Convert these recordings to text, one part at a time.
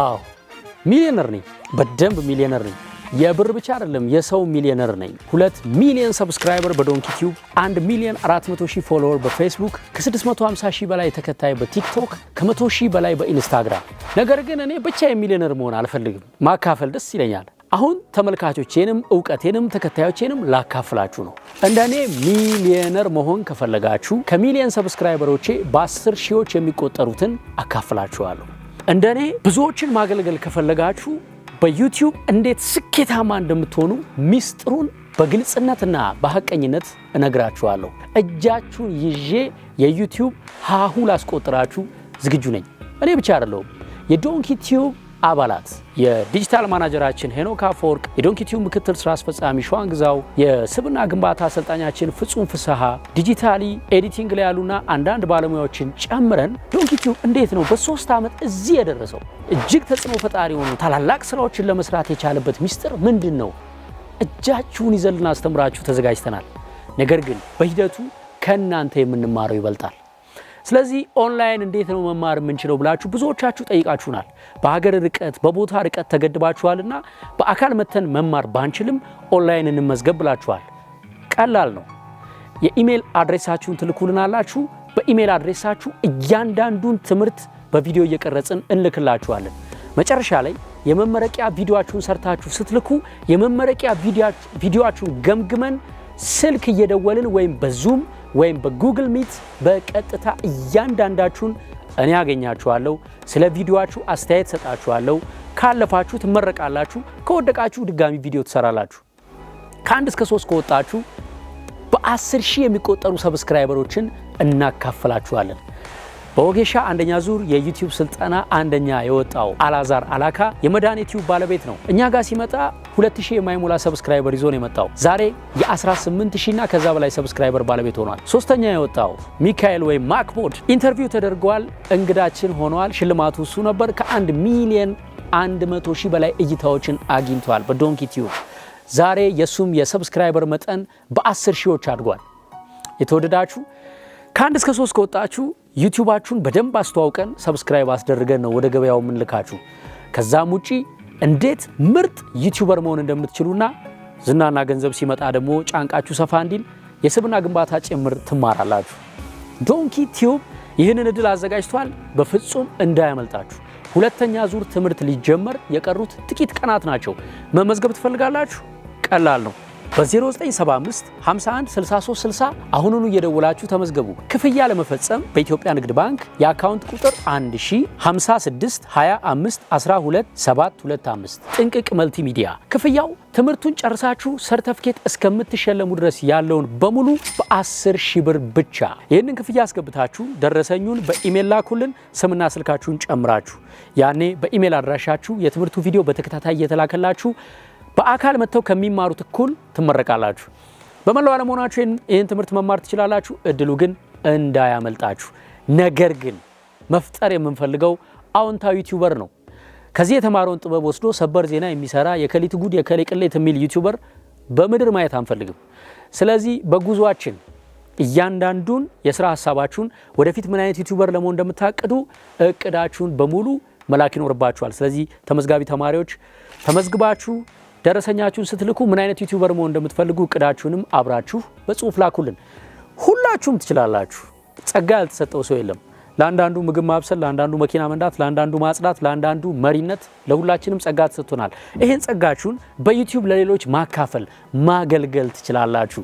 አዎ ሚሊዮነር ነኝ፣ በደንብ ሚሊዮነር ነኝ። የብር ብቻ አይደለም የሰው ሚሊዮነር ነኝ። ሁለት ሚሊዮን ሰብስክራይበር በዶንኪ ቲዩብ፣ አንድ ሚሊዮን 400 ሺህ ፎሎወር በፌስቡክ፣ ከ650 ሺህ በላይ ተከታይ በቲክቶክ፣ ከ100 ሺህ በላይ በኢንስታግራም። ነገር ግን እኔ ብቻ የሚሊዮነር መሆን አልፈልግም። ማካፈል ደስ ይለኛል። አሁን ተመልካቾቼንም እውቀቴንም ተከታዮቼንም ላካፍላችሁ ነው። እንደ እኔ ሚሊዮነር መሆን ከፈለጋችሁ ከሚሊዮን ሰብስክራይበሮቼ በአስር ሺዎች የሚቆጠሩትን አካፍላችኋለሁ። እንደኔ ብዙዎችን ማገልገል ከፈለጋችሁ በዩቲዩብ እንዴት ስኬታማ እንደምትሆኑ ሚስጥሩን በግልጽነትና በሐቀኝነት እነግራችኋለሁ። እጃችሁን ይዤ የዩቲዩብ ሀሁ ላስቆጥራችሁ ዝግጁ ነኝ። እኔ ብቻ አይደለሁም የዶንኪ ቲዩብ አባላት የዲጂታል ማናጀራችን ሄኖክ አፈወርቅ፣ የዶንኪቲዩ ምክትል ስራ አስፈጻሚ ሸዋን ግዛው፣ የስብና ግንባታ አሰልጣኛችን ፍጹም ፍስሐ፣ ዲጂታሊ ኤዲቲንግ ላይ ያሉና አንዳንድ ባለሙያዎችን ጨምረን ዶንኪቲዩ እንዴት ነው በሶስት ዓመት እዚህ የደረሰው እጅግ ተጽዕኖ ፈጣሪ የሆኑ ታላላቅ ስራዎችን ለመስራት የቻለበት ሚስጥር ምንድን ነው? እጃችሁን ይዘን ልናስተምራችሁ ተዘጋጅተናል። ነገር ግን በሂደቱ ከእናንተ የምንማረው ይበልጣል። ስለዚህ ኦንላይን እንዴት ነው መማር የምንችለው ብላችሁ ብዙዎቻችሁ ጠይቃችሁናል። በሀገር ርቀት፣ በቦታ ርቀት ተገድባችኋልና በአካል መተን መማር ባንችልም ኦንላይን እንመዝገብ ብላችኋል። ቀላል ነው። የኢሜይል አድሬሳችሁን ትልኩልናላችሁ። በኢሜይል አድሬሳችሁ እያንዳንዱን ትምህርት በቪዲዮ እየቀረጽን እንልክላችኋለን። መጨረሻ ላይ የመመረቂያ ቪዲዮችሁን ሰርታችሁ ስትልኩ የመመረቂያ ቪዲዮችሁን ገምግመን ስልክ እየደወልን ወይም በዙም ወይም በጉግል ሚት በቀጥታ እያንዳንዳችሁን እኔ አገኛችኋለሁ። ስለ ቪዲዮችሁ አስተያየት ሰጣችኋለሁ። ካለፋችሁ ትመረቃላችሁ። ከወደቃችሁ ድጋሚ ቪዲዮ ትሰራላችሁ። ከአንድ እስከ ሶስት ከወጣችሁ በአስር ሺህ የሚቆጠሩ ሰብስክራይበሮችን እናካፍላችኋለን። በወጌሻ አንደኛ ዙር የዩቲዩብ ስልጠና አንደኛ የወጣው አላዛር አላካ የመዳን ዩቲዩብ ባለቤት ነው። እኛ ጋር ሲመጣ 2000 የማይሞላ ሰብስክራይበር ይዞ ነው የመጣው። ዛሬ የ18000 እና ከዛ በላይ ሰብስክራይበር ባለቤት ሆኗል። ሶስተኛ የወጣው ሚካኤል ወይም ማክቦድ ኢንተርቪው ተደርጓል። እንግዳችን ሆኗል። ሽልማቱ እሱ ነበር። ከአንድ ሚሊየን 100 ሺህ በላይ እይታዎችን አግኝቷል በዶንኪ ቲዩብ። ዛሬ የእሱም የሰብስክራይበር መጠን በ10 ሺዎች አድጓል። የተወደዳችሁ ከአንድ እስከ ሶስት ከወጣችሁ ዩቲዩባችሁን በደንብ አስተዋውቀን ሰብስክራይብ አስደርገን ነው ወደ ገበያው የምንልካችሁ። ከዛም ውጪ እንዴት ምርጥ ዩቲዩበር መሆን እንደምትችሉና ዝናና ገንዘብ ሲመጣ ደግሞ ጫንቃችሁ ሰፋ እንዲል የስብና ግንባታ ጭምር ትማራላችሁ። ዶንኪ ቲዩብ ይህንን እድል አዘጋጅቷል። በፍጹም እንዳያመልጣችሁ። ሁለተኛ ዙር ትምህርት ሊጀመር የቀሩት ጥቂት ቀናት ናቸው። መመዝገብ ትፈልጋላችሁ? ቀላል ነው። በ0975 51 63 60 አሁኑኑ እየደወላችሁ ተመዝገቡ። ክፍያ ለመፈጸም በኢትዮጵያ ንግድ ባንክ የአካውንት ቁጥር 1056 25 12 725። ጥንቅቅ መልቲሚዲያ ክፍያው ትምህርቱን ጨርሳችሁ ሰርተፍኬት እስከምትሸለሙ ድረስ ያለውን በሙሉ በ10 ሺህ ብር ብቻ። ይህንን ክፍያ አስገብታችሁ ደረሰኙን በኢሜል ላኩልን፣ ስምና ስልካችሁን ጨምራችሁ። ያኔ በኢሜል አድራሻችሁ የትምህርቱ ቪዲዮ በተከታታይ እየተላከላችሁ በአካል መጥተው ከሚማሩት እኩል ትመረቃላችሁ። በመላው ዓለም ሆናችሁ ይህን ትምህርት መማር ትችላላችሁ። እድሉ ግን እንዳያመልጣችሁ። ነገር ግን መፍጠር የምንፈልገው አዎንታዊ ዩቲዩበር ነው። ከዚህ የተማረውን ጥበብ ወስዶ ሰበር ዜና የሚሰራ የከሊት ጉድ የከሌ ቅሌት የሚል ዩቲዩበር በምድር ማየት አንፈልግም። ስለዚህ በጉዟችን እያንዳንዱን የስራ ሀሳባችሁን ወደፊት ምን አይነት ዩቲዩበር ለመሆን እንደምታቅዱ እቅዳችሁን በሙሉ መላክ ይኖርባችኋል። ስለዚህ ተመዝጋቢ ተማሪዎች ተመዝግባችሁ ደረሰኛችሁን ስትልኩ ምን አይነት ዩቲዩበር መሆን እንደምትፈልጉ እቅዳችሁንም አብራችሁ በጽሁፍ ላኩልን። ሁላችሁም ትችላላችሁ። ጸጋ ያልተሰጠው ሰው የለም። ለአንዳንዱ ምግብ ማብሰል፣ ለአንዳንዱ መኪና መንዳት፣ ለአንዳንዱ ማጽዳት፣ ለአንዳንዱ መሪነት፣ ለሁላችንም ጸጋ ተሰጥቶናል። ይህን ጸጋችሁን በዩቲዩብ ለሌሎች ማካፈል፣ ማገልገል ትችላላችሁ።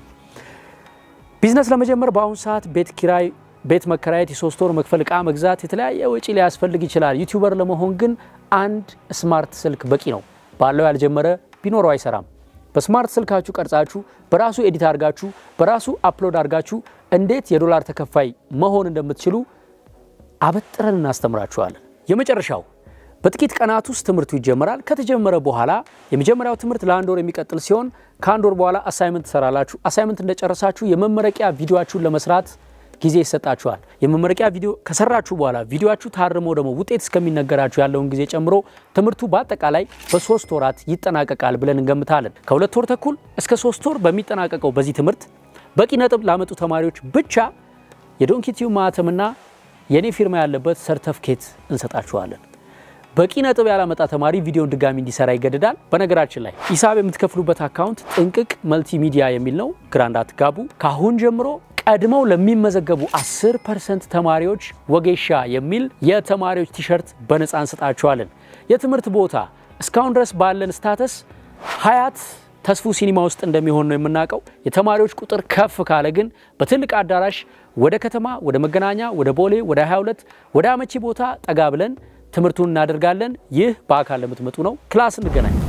ቢዝነስ ለመጀመር በአሁኑ ሰዓት ቤት ኪራይ ቤት መከራየት፣ የሶስት ወር መክፈል፣ እቃ መግዛት፣ የተለያየ ወጪ ሊያስፈልግ ይችላል። ዩቲዩበር ለመሆን ግን አንድ ስማርት ስልክ በቂ ነው። ባለው ያልጀመረ ቢኖረው አይሰራም። በስማርት ስልካችሁ ቀርጻችሁ በራሱ ኤዲት አድርጋችሁ በራሱ አፕሎድ አድርጋችሁ እንዴት የዶላር ተከፋይ መሆን እንደምትችሉ አበጥረን እናስተምራችኋለን። የመጨረሻው በጥቂት ቀናት ውስጥ ትምህርቱ ይጀመራል። ከተጀመረ በኋላ የመጀመሪያው ትምህርት ለአንድ ወር የሚቀጥል ሲሆን ከአንድ ወር በኋላ አሳይመንት ትሰራላችሁ። አሳይመንት እንደጨረሳችሁ የመመረቂያ ቪዲዮችሁን ለመስራት ጊዜ ይሰጣችኋል። የመመረቂያ ቪዲዮ ከሰራችሁ በኋላ ቪዲዮችሁ ታርሞ ደግሞ ውጤት እስከሚነገራችሁ ያለውን ጊዜ ጨምሮ ትምህርቱ በአጠቃላይ በሶስት ወራት ይጠናቀቃል ብለን እንገምታለን። ከሁለት ወር ተኩል እስከ ሶስት ወር በሚጠናቀቀው በዚህ ትምህርት በቂ ነጥብ ላመጡ ተማሪዎች ብቻ የዶንኪቲዩ ማህተምና የእኔ ፊርማ ያለበት ሰርተፍኬት እንሰጣችኋለን። በቂ ነጥብ ያላመጣ ተማሪ ቪዲዮን ድጋሚ እንዲሰራ ይገደዳል። በነገራችን ላይ ሂሳብ የምትከፍሉበት አካውንት ጥንቅቅ መልቲሚዲያ የሚል ነው። ግራ እንዳትጋቡ። ካሁን ጀምሮ ቀድመው ለሚመዘገቡ 10 ፐርሰንት ተማሪዎች ወጌሻ የሚል የተማሪዎች ቲሸርት በነፃ እንሰጣቸዋለን። የትምህርት ቦታ እስካሁን ድረስ ባለን ስታተስ ሀያት ተስፉ ሲኒማ ውስጥ እንደሚሆን ነው የምናውቀው። የተማሪዎች ቁጥር ከፍ ካለ ግን በትልቅ አዳራሽ ወደ ከተማ፣ ወደ መገናኛ፣ ወደ ቦሌ፣ ወደ 22 ወደ አመቺ ቦታ ጠጋ ብለን ትምህርቱን እናደርጋለን። ይህ በአካል ለምትመጡ ነው። ክላስ እንገናኝ።